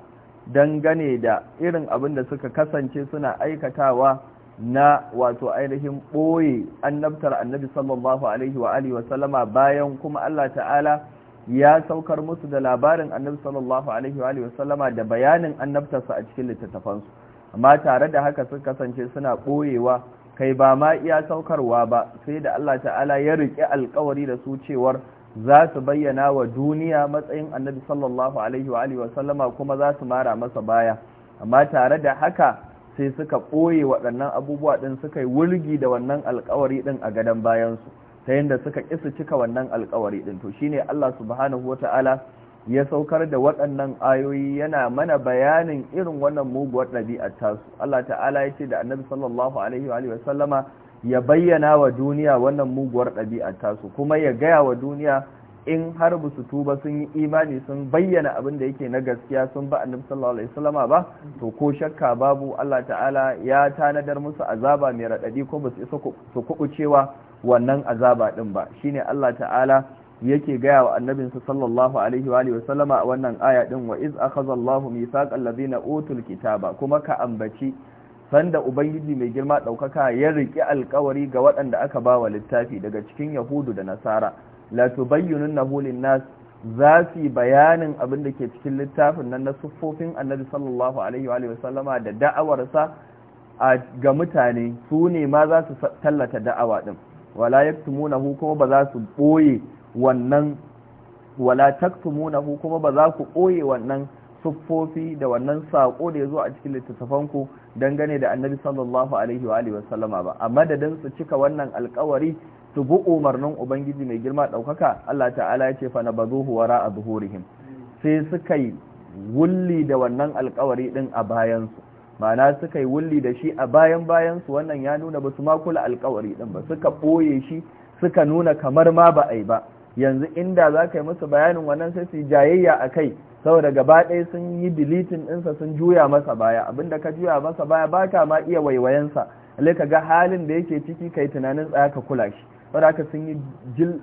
dangane da irin abin da suka kasance suna aikatawa na wato ainihin ɓoye annabtar annabi sallallahu alaihi wa alihi wasallama bayan kuma Allah ta'ala ya saukar musu da labarin annabi sallallahu alaihi wa alihi wasallama da bayanin annabtarsa a cikin littattafansu amma tare da haka suka kasance suna ɓoyewa kai ba ma iya saukarwa ba sai da Allah ta'ala ya riƙe alƙawari da su cewar za su bayyana wa duniya matsayin annabi sallallahu alaihi wa alihi wasallama kuma za su mara masa baya amma tare da haka sai suka ɓoye waɗannan abubuwa ɗin suka yi wulgi da wannan alƙawari ɗin a gadon bayansu ta yadda suka ƙi su cika wannan alƙawari ɗin to shine Allah subhanahu wa ta'ala ya saukar da waɗannan ayoyi yana mana bayanin irin wannan muguwar ɗabi'ar tasu Allah ta'ala ya ce da annabi sallallahu alaihi wa sallama ya bayyana wa duniya wannan muguwar ɗabi'ar tasu kuma ya gaya wa duniya in har ba su tuba sun yi imani sun bayyana abin da yake na gaskiya sun ba annabi sallallahu alaihi sallama ba to ko shakka babu Allah ta'ala ya tanadar musu azaba mai raɗaɗi ko ba su isa su kuɓucewa wannan azaba ɗin ba shine Allah ta'ala yake gaya wa annabinsa sallallahu alaihi wa alihi wasallama a wannan aya din wa iz akhadha Allahu mithaqal ladina utul kitaba kuma ka ambaci sanda ubangiji mai girma daukaka ya riki alkawari ga waɗanda aka bawa littafi daga cikin yahudu da nasara la tubayyinunahu lin-nas za su bayanin abin da ke cikin littafin nan na siffofin annabi sallallahu alaihi wa alihi wasallama da da'awarsa ga mutane su ne ma za su tallata da'awa din wala yaktumuna hu kuma ba za su boye wannan wala taktumunahu kuma ba za ku ɓoye wannan siffofi da wannan sako da ya zo a cikin littattafanku dangane da annabi sallallahu alaihi wa alihi wasallama ba a madadin su cika wannan alkawari su bi umarnin ubangiji mai girma ɗaukaka Allah ta'ala ya ce fa nabazuhu wara a zuhurihim sai suka yi wulli da wannan alkawari ɗin a bayansu ma'ana suka yi wulli da shi a bayan bayansu wannan ya nuna ba su makula alkawari ɗin ba suka ɓoye shi suka nuna kamar ma ba a yi ba yanzu inda za ka yi musu bayanin wannan sai su jayayya a kai saboda gaba ɗaya sun yi dilitin ɗinsa sun juya masa baya abinda ka juya masa baya ba ka ma iya waiwayensa lai ka ga halin da yake ciki kai tunanin tsaya ka kula shi wadda aka sun yi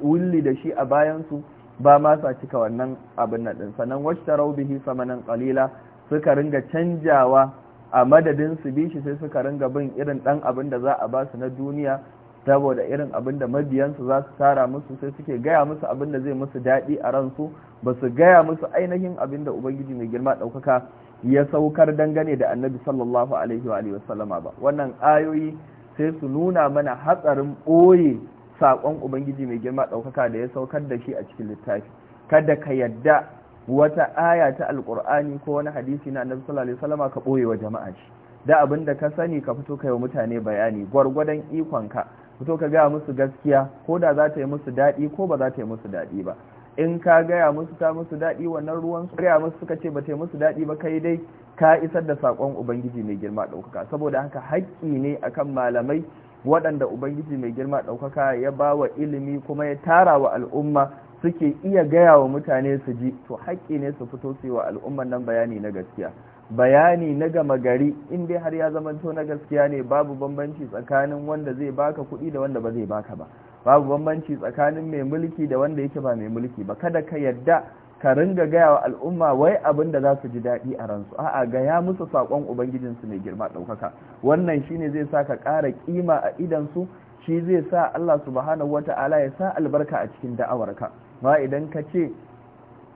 wulli da shi a bayansu ba ma sa cika wannan abin nan ɗin sannan wacce ta rau bihi samanin ƙalila suka ringa canjawa a madadin su bi shi sai suka ringa bin irin ɗan abin da za a ba su na duniya saboda irin abin da mabiyansu za su tara musu sai suke gaya musu abin da zai musu daɗi a ransu ba su gaya musu ainihin abin da ubangiji mai girma ɗaukaka ya saukar dangane da annabi sallallahu alaihi wa wasallama ba wannan ayoyi sai su nuna mana hatsarin ɓoye saƙon ubangiji mai girma ɗaukaka da ya saukar da shi a cikin littafi kada ka yadda wata aya ta alƙur'ani ko wani hadisi na annabi sallallahu alaihi wasallama ka ɓoye wa jama'a shi da abin da ka sani ka fito kai wa mutane bayani gwargwadon ikonka fito ka gaya musu gaskiya ko da za ta yi musu daɗi ko ba za ta yi musu daɗi ba in ka gaya musu ta musu daɗi wannan ruwan su gaya musu suka ce ba ta yi musu daɗi ba kai dai ka isar da saƙon ubangiji mai girma ɗaukaka saboda haka haƙƙi ne akan malamai waɗanda ubangiji mai girma ɗaukaka ya ba wa ilimi kuma ya tara wa al'umma suke iya gaya wa mutane su ji to haƙƙi ne su fito su yi wa al'umman nan bayani na gaskiya bayani na gama gari in dai har ya zamanto na gaskiya ne babu bambanci tsakanin wanda zai baka kuɗi da wanda ba zai baka ba babu bambanci tsakanin mai mulki da wanda yake ba mai mulki ba kada ka yadda ka ringa gaya wa al'umma wai abin da za su ji daɗi a ransu a'a gaya musu saƙon ubangijinsu mai girma ɗaukaka wannan shine zai sa ka ƙara ƙima a su shi zai sa Allah subhanahu wata'ala ya sa albarka a cikin da'awarka Ma idan ka ce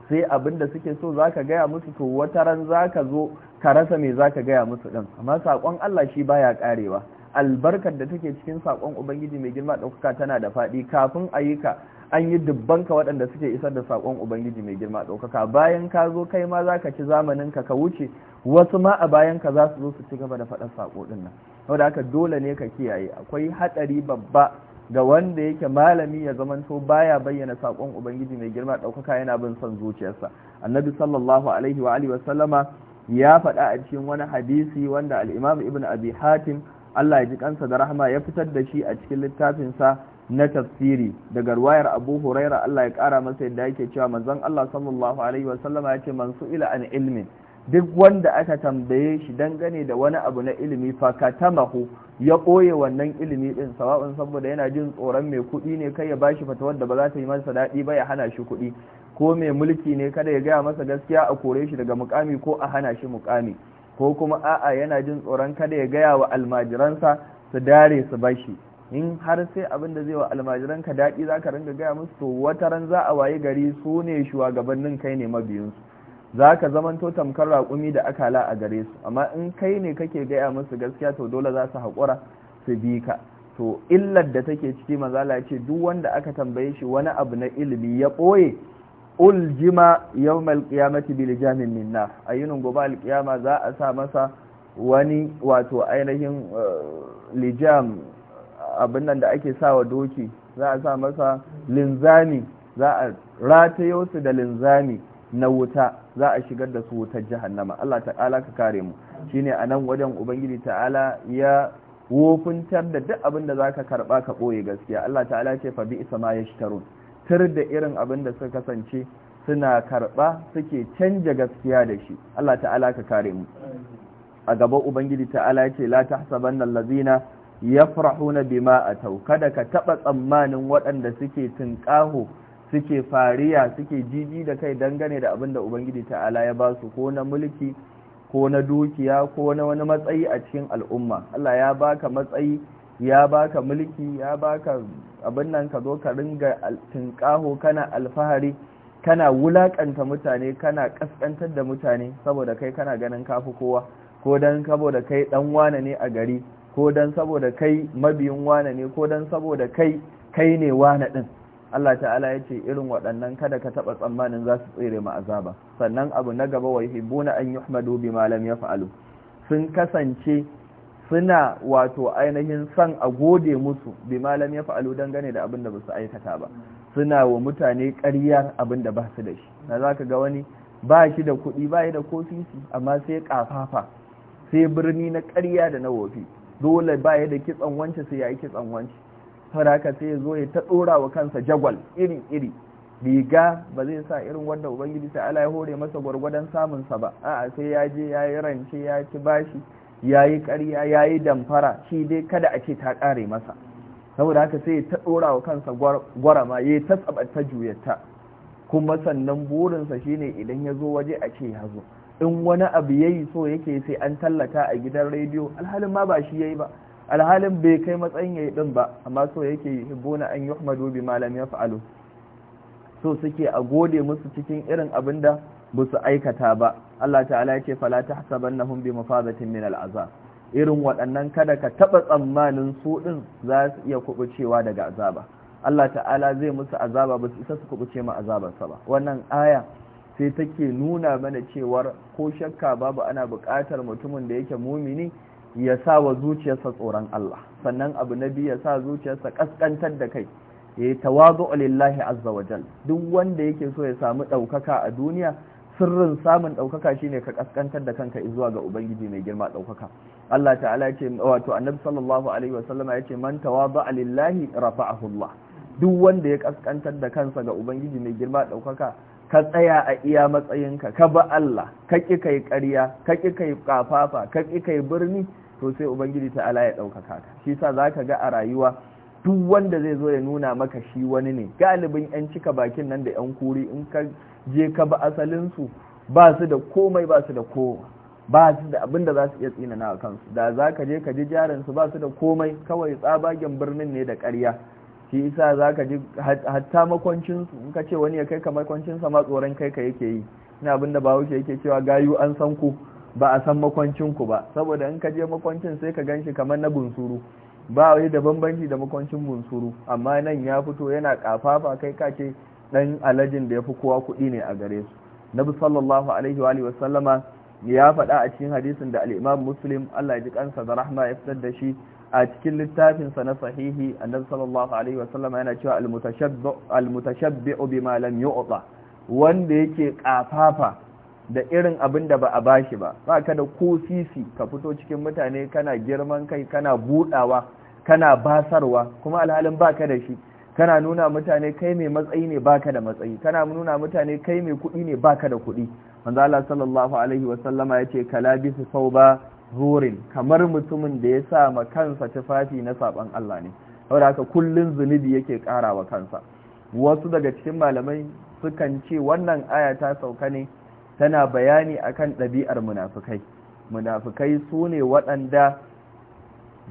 sai abin da suke so zaka gaya musu to wata ran zaka zo ka rasa me zaka gaya musu din amma sakon Allah shi baya karewa albarkar da take cikin sakon ubangiji mai girma daukaka tana da faɗi. kafin ayyuka an yi dubban ka waɗanda suke isar da sakon ubangiji mai girma daukaka bayan ka zo kai ma zaka ci zamanin ka ka wuce wasu ma a bayan ka za su zo su ci gaba da faɗar sako din nan saboda haka dole ne ka kiyaye akwai haɗari babba ga wanda yake malami ya zamanto baya bayyana sakon ubangiji mai girma daukaka yana bin son zuciyarsa annabi sallallahu alaihi wa alihi wasallama ya faɗa a cikin wani hadisi wanda al-imam ibn abi hatim Allah ya ji kansa da rahma ya fitar da shi a cikin littafin sa na tafsiri daga ruwayar Abu Huraira Allah ya kara masa yadda yake cewa manzon Allah sallallahu alaihi wasallama sallama yace man su'ila an ilmin duk wanda aka tambaye shi dangane da wani abu na ilimi fakatamahu ya ɓoye wannan ilimi din sawa'un saboda yana jin tsoron mai kuɗi ne kai ya bashi fata wadda ba za ta yi masa daɗi ba ya hana shi kuɗi ko mai mulki ne kada ya gaya masa gaskiya a kore shi daga mukami ko a hana shi mukami ko kuma a'a yana jin tsoron kada ya gaya wa almajiransa su dare su bashi in har sai abin da zai wa almajiranka daɗi za ka ringa gaya musu to wata ran za a wayi gari su ne shugabannin kai ne mabiyinsu za ka zamanto tamkar raƙumi da akala a gare su amma in kai ne kake gaya musu gaskiya to dole za su haƙura su bi ka to illar da take ciki mazala ce duk wanda aka tambaye shi wani abu na ilimi ya ɓoye uljima yawmal qiyamati bil jamin minna a ayyunun gobe alƙiyama za a sa masa wani wato ainihin eh, lijam abin nan da ake sawa doki za a sa masa linzami za a ratayo su da linzami na wuta za a shigar da su wutar jahannama Allah ta'ala ka kare mu shine nan wajen ubangiji ta'ala ya wofintar da duk abin da ka karba ka boye gaskiya Allah ta'ala ce fa bi isma yashtarun tir da irin abin da suka kasance suna karba suke canja gaskiya da shi Allah ta'ala ka kare mu a gaba ubangiji ta'ala ce la tahsabanna allazina yafrahuna bima tau kada ka taba tsammanin waɗanda suke tinkaho suke fariya suke jiji da kai dangane da abin da ubangiji ta'ala ya ba su ko na mulki ko na dukiya ko na wani matsayi a cikin al'umma Allah ya baka matsayi ya baka mulki ya baka abin nan ka zo ka ringa tinkaho kana alfahari kana wulakanta mutane kana kaskantar da mutane saboda kai kana ganin kafi kowa ko dan saboda kai dan wane ne a gari ko dan saboda kai mabiyin wane ne ko dan saboda kai kai ne wane din Allah ta'ala ya ce irin waɗannan kada ka taɓa tsammanin za su tsere ma azaba sannan abu na gaba wa na an yuhmadu bima lam yaf'alu sun kasance suna wato ainihin san a gode musu bima lam yaf'alu dangane da abin da ba su aikata ba suna wa mutane ƙaryar abin da ba su da shi na zaka ga wani ba shi da kuɗi ba da kofisi amma sai kafafa sai birni na ƙarya da na wofi dole ba da kitsan wance sai ya yi kitsan wance haka sai ya zo ya ta dora wa kansa jagwal iri iri riga ba zai sa irin wanda ubangiji ta ala ya hore masa gwargwadon samunsa ba a'a sai ya je ya yi rance ya ci bashi ya yi ƙarya ya yi damfara shi dai kada a ce ta ƙare masa saboda haka sai ta ɗora wa kansa gwarama ya ta ta juyatta kuma sannan burinsa shine idan ya zo waje a ce ya zo in wani abu ya yi so yake sai an tallata a gidan rediyo alhalin ma ba shi ya yi ba alhalin bai kai matsayin ya yi din ba amma so yake na an madubi malam ya fa'alu so suke a gode musu cikin irin abin da basu aikata ba Allah ta'ala yake fala na bi mafazatin min al’aza irin waɗannan kada ka taɓa tsammanin su ɗin za su iya kubucewa daga azaba Allah ta'ala zai musu azaba ba su isa su kubuce ma azabarsa ba wannan aya sai take nuna mana cewar ko shakka babu ana buƙatar mutumin da yake mumini ya sa wa zuciyarsa tsoron Allah sannan abu na biyu ya sa zuciyarsa kaskantar da kai ya yi tawazu lillahi azza wa jal duk wanda yake so ya samu ɗaukaka a duniya sirrin samun ɗaukaka shine ka kaskantar da kanka zuwa ga ubangiji mai girma ɗaukaka Allah ta'ala ce wato annabi sallallahu alaihi wasallama ya ce man tawazu lillahi rafa'ahu Allah duk wanda ya kaskantar da kansa ga ubangiji mai girma ɗaukaka ka tsaya a iya matsayinka ka ba Allah ka ƙi kai ƙarya ka ƙi kai kafafa ka ƙi kai birni to sai ubangiji ala ya ɗaukaka ka shi sa za ka ga a rayuwa duk wanda zai zo ya nuna maka shi wani ne galibin 'yan cika bakin nan da 'yan kuri in ka je ka ba asalinsu ba su da komai ba su da kowa ba su da abin za su iya tsina na kansu da za ka je ka ji jarinsu ba su da komai kawai tsabagen birnin ne da ƙarya shi isa za ka ji hatta su in ka ce wani ya kai ka sa ma tsoron kai ka yake yi ina abinda da bahaushe yake cewa gayu an san ku ba a san makwancinku ba saboda in ka je makwancin sai ka gan shi kamar na bunsuru ba wai da bambanci da makwancin bunsuru amma nan ya fito yana kafafa kai kake dan alajin da ya fi kowa kuɗi ne a gare su nabi sallallahu alaihi wa alihi wasallama ya faɗa a cikin hadisin da al-imam muslim Allah ya ji kansa da rahma ya fitar da shi a cikin littafin sa na sahihi annabi sallallahu alaihi sallama yana cewa al-mutashabbi al-mutashabbi bima lam yu'ta wanda yake kafafa da irin abin da ba a bashi ba ba ka da ko ka fito cikin mutane kana girman kai kana budawa kana basarwa kuma alhalin ka da shi kana nuna mutane kai mai matsayi ne ba ka da matsayi kana nuna mutane kai mai kuɗi ne ba ka da kuɗi wanda Allah sallallahu alaihi wa sallama yace kalabisu sauba zurin kamar mutumin da ya sa ma kansa tufafi na saban Allah ne saboda haka kullun zunubi yake karawa kansa wasu daga cikin malamai sukan ce wannan aya ta sauka ne tana bayani akan ɗabi'ar munafikai. munafukai su ne waɗanda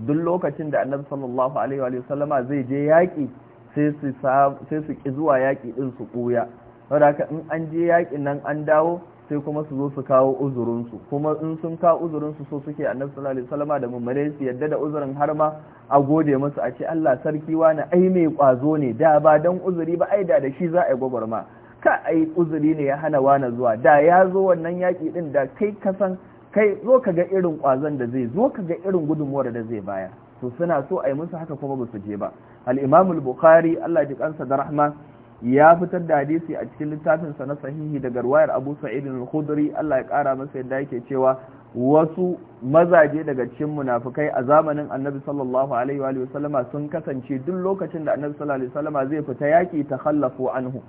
duk lokacin da annabi sallallahu alaihi wa sallama zai je yaƙi sai su ƙi zuwa yaƙi ɗin su ɓuya saboda in an je yaƙin nan an dawo sai kuma su zo su kawo uzurinsu kuma in sun kawo uzurinsu so suke annabi sallallahu alaihi da mummare su yadda da uzurin har ma a gode musu a ce Allah sarki wani ai mai kwazo ne da ba dan uzuri ba ai da da shi za a yi gwagwarma ka a yi uzuri ne ya hana wane zuwa da ya zo wannan yaƙi ɗin da kai kasan kai zo ka ga irin ƙwazon da zai zo ka ga irin gudunmuwar da zai baya to suna so a yi musu haka kuma ba su je ba al'imamul bukhari allah ji kansa da rahma ya fitar da hadisi a cikin littafinsa na sahihi daga ruwayar abu sa'id al-khudri allah ya kara masa yadda yake cewa wasu mazaje daga cikin munafukai a zamanin annabi sallallahu alaihi wa sallama sun kasance duk lokacin da annabi sallallahu alaihi wa sallama zai fita yaki ta khallafu anhu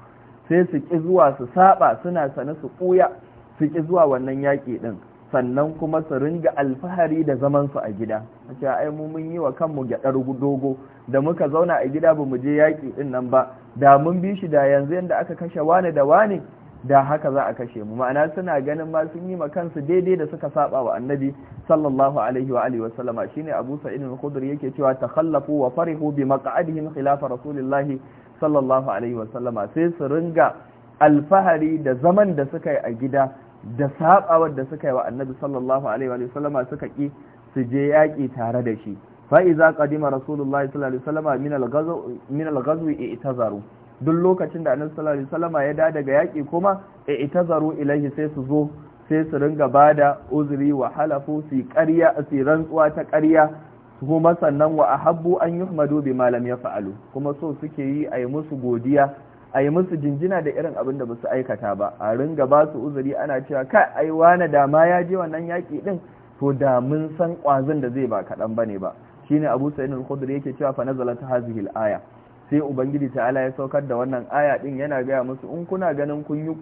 sai su ƙi zuwa su saba suna sane su ƙuya su ƙi zuwa wannan yaƙi ɗin sannan kuma su ringa alfahari da zaman su a gida ce ai mu mun yi wa kanmu gyaɗar dogo da muka zauna a gida ba mu je yaƙi ɗin nan ba da mun bi shi da yanzu yadda aka kashe wani da wani. da haka za a kashe mu ma'ana suna ganin ma sun yi ma kansu daidai da suka saba wa annabi sallallahu alaihi wa alihi sallama shine abu sa'id al-khudri yake cewa takhallafu wa farihu bi maq'adihim khilafa rasulillahi sallallahu alaihi wasallama sai su ringa alfahari da zaman da suka yi a gida da saɓawar da suka yi wa annabi sallallahu alaihi wasallama suka ƙi su je yaƙi tare da shi fa'iza ƙadima rasulullahi sallallahu alaihi wasallama min algazu e itazaru duk lokacin da annabi sallallahu alaihi wasallama ya da daga yaƙi kuma e itazaru ilaihi sai su zo sai su ringa bada uzuri wa halafu su ƙarya su rantsuwa ta ƙarya kuma sannan wa ahabbu an yi bi malam ya fa'alu. kuma so suke yi ayi musu godiya ayi musu jinjina da irin abin da basu aikata ba a ringa ba su uzuri ana cewa 'Ka aiwa na dama ya je wannan yaki ɗin? to da mun san ƙwazon da zai ba kaɗan ba ne ba Shi ne Abu Sa'id al-Khudri yake cewa fa nazalat al-aya sai ubangiji ta'ala ya saukar da wannan aya ɗin yana gaya musu in kuna ganin kun yi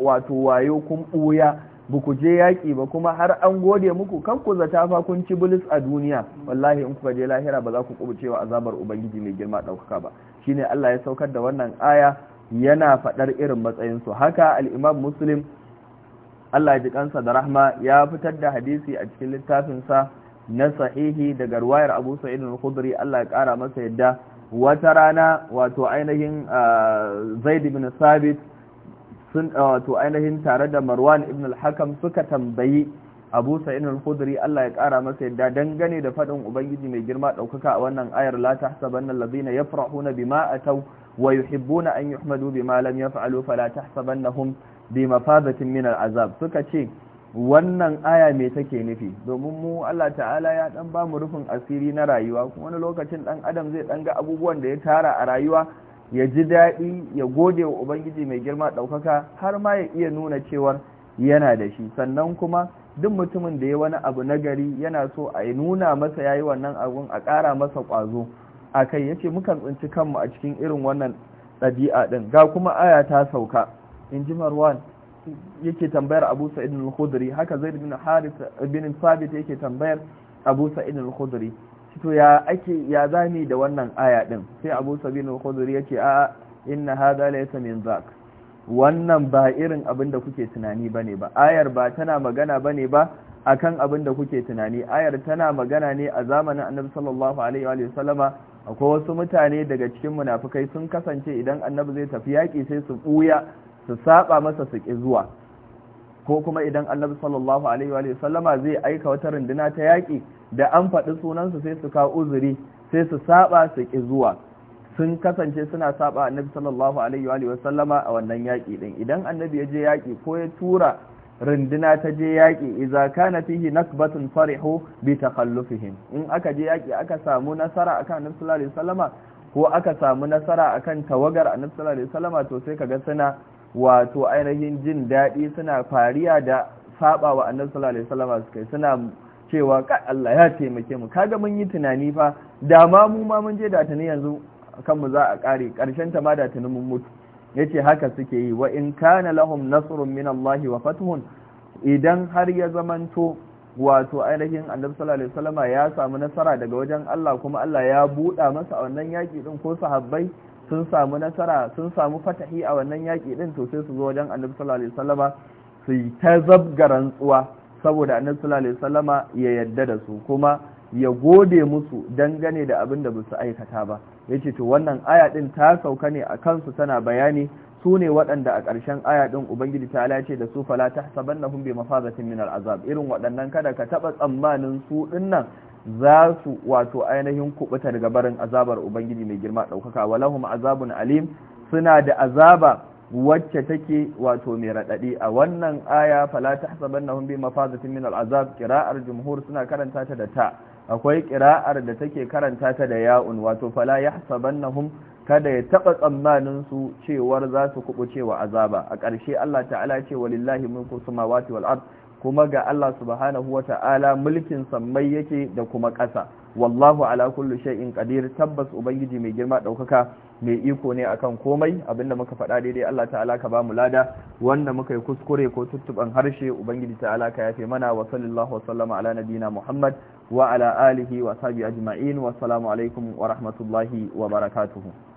wato wayo kun ɓuya ba ku je yaƙi ba kuma har an gode muku kan ku zata fa kun ci bilis a duniya wallahi in kuka je lahira ba za ku kubucewa azabar ubangiji mai girma ɗaukaka ba shi ne Allah ya saukar da wannan aya yana faɗar irin matsayin su haka al'imam muslim Allah ji kansa da rahma ya fitar da hadisi a cikin littafinsa na sahihi daga ruwayar abu sa'id al-khudri Allah ya kara masa yadda wata rana wato ainihin ah, zaid ibn sabit sun ah, wato ainihin tare da marwan ibn al-hakam suka tambayi abu sa'in al-khudri Allah ya kara masa yadda dangane da fadin ubangiji mai girma daukaka a wannan ayar la tahsabanna alladhina yafrahuna bima ataw wa yuhibbuna an yuhmadu bima lam yaf'alu fala tahsabannahum bimafadatin min al-azab suka ce wannan aya me take nufi domin mu Allah ta'ala ya dan ba mu rufin asiri na rayuwa kuma wani lokacin dan adam zai dan ga abubuwan da ya tara a rayuwa ya ji daɗi ya gode wa ubangiji mai girma ɗaukaka har ma ya iya nuna cewar yana da shi sannan kuma duk mutumin da ya wani abu nagari yana so a nuna masa ya yayi wannan abun a ƙara masa ƙwazo a kai ya ce mukan tsinci kanmu a cikin irin wannan ɗabi'a ɗin ga kuma aya ta sauka in ji marwan yake tambayar abu sa'id al-khudri haka zaid bin harith bin sabit yake tambayar abu sa'id al-khudri to ya ake ya zami da wannan aya din sai Abu Sabin khuduri khudri yace a inna hadha laysa min zak wannan ba irin abin da kuke tunani bane ba ayar ba tana magana bane ba akan abin da kuke tunani ayar tana magana ne a zamanin Annabi sallallahu alaihi wa sallama akwai wasu mutane daga cikin munafikai sun kasance idan Annabi zai tafi yaki sai su buya su saba masa su ki zuwa ko kuma idan annabi sallallahu alaihi wa sallama zai aika wata runduna ta yaƙi da an faɗi sunansu sai su kawo uzuri sai su saba su ƙi zuwa sun kasance suna saba annabi sallallahu alaihi wa sallama a wannan yaƙi ɗin idan annabi ya je yaƙi ko ya tura runduna ta je yaƙi iza kana fihi nakbatun farihu bi takhallufihim in aka je yaƙi aka samu nasara akan annabi sallallahu alaihi wasallama ko aka samu nasara akan tawagar annabi sallallahu alaihi wasallama to sai kaga suna wato ainihin jin daɗi suna fariya da saba wa annabi sallallahu alaihi wasallam suka suna cewa ka Allah ya taimake mu kaga mun yi tunani fa da ma mu ma mun je da tani yanzu kanmu za a kare karshen ta ma da tani mun mutu yace haka suke yi wa in kana lahum nasrun min Allah wa fatuhun idan har ya zamanto wato ainihin annabi sallallahu alaihi wasallam ya samu nasara daga wajen Allah kuma Allah ya buɗa masa wannan yaki din ko sahabbai sun samu nasara sun samu fatahi a wannan yaƙi ɗin to sai su zo wajen annabi sallallahu alaihi wasallama su yi ta zabga rantsuwa saboda annabi sallallahu alaihi wasallama ya yadda da su kuma ya gode musu dangane da abin da basu aikata ba yace to wannan aya ɗin ta sauka ne a kansu tana bayani su ne waɗanda a ƙarshen aya ɗin ubangiji ta lace da su fala ta saban na hun mafazatin min azab, irin waɗannan kada ka taɓa tsammanin su ɗinnan za su wato ainihin kubuta daga barin azabar ubangiji mai girma daukaka walahum azabun alim suna da azaba wacce take wato mai radadi a wannan aya fala tahsabannahum bi mafazatin min al'azab qira'ar jumhur suna karanta ta da ta akwai qira'ar da take karanta ta da ya'un wato fala yahsabannahum kada ya taba tsammanin su cewar za su kubuce wa azaba a ƙarshe Allah ta'ala ce walillahi mulku samawati wal ardh kuma ga Allah subhanahu ta'ala mulkin sammai yake da kuma ƙasa wallahu ala kulli shay'in qadir tabbas ubangiji mai girma ɗaukaka mai iko ne akan komai abinda muka faɗa daidai Allah ta'ala ka bamu lada wanda muka yi kuskure ko tuttuban harshe ubangiji ta'ala ka yafe mana wa sallallahu sallama ala nabina muhammad wa ala alihi wa sahbi ajma'in wa assalamu alaikum wa rahmatullahi wa barakatuhu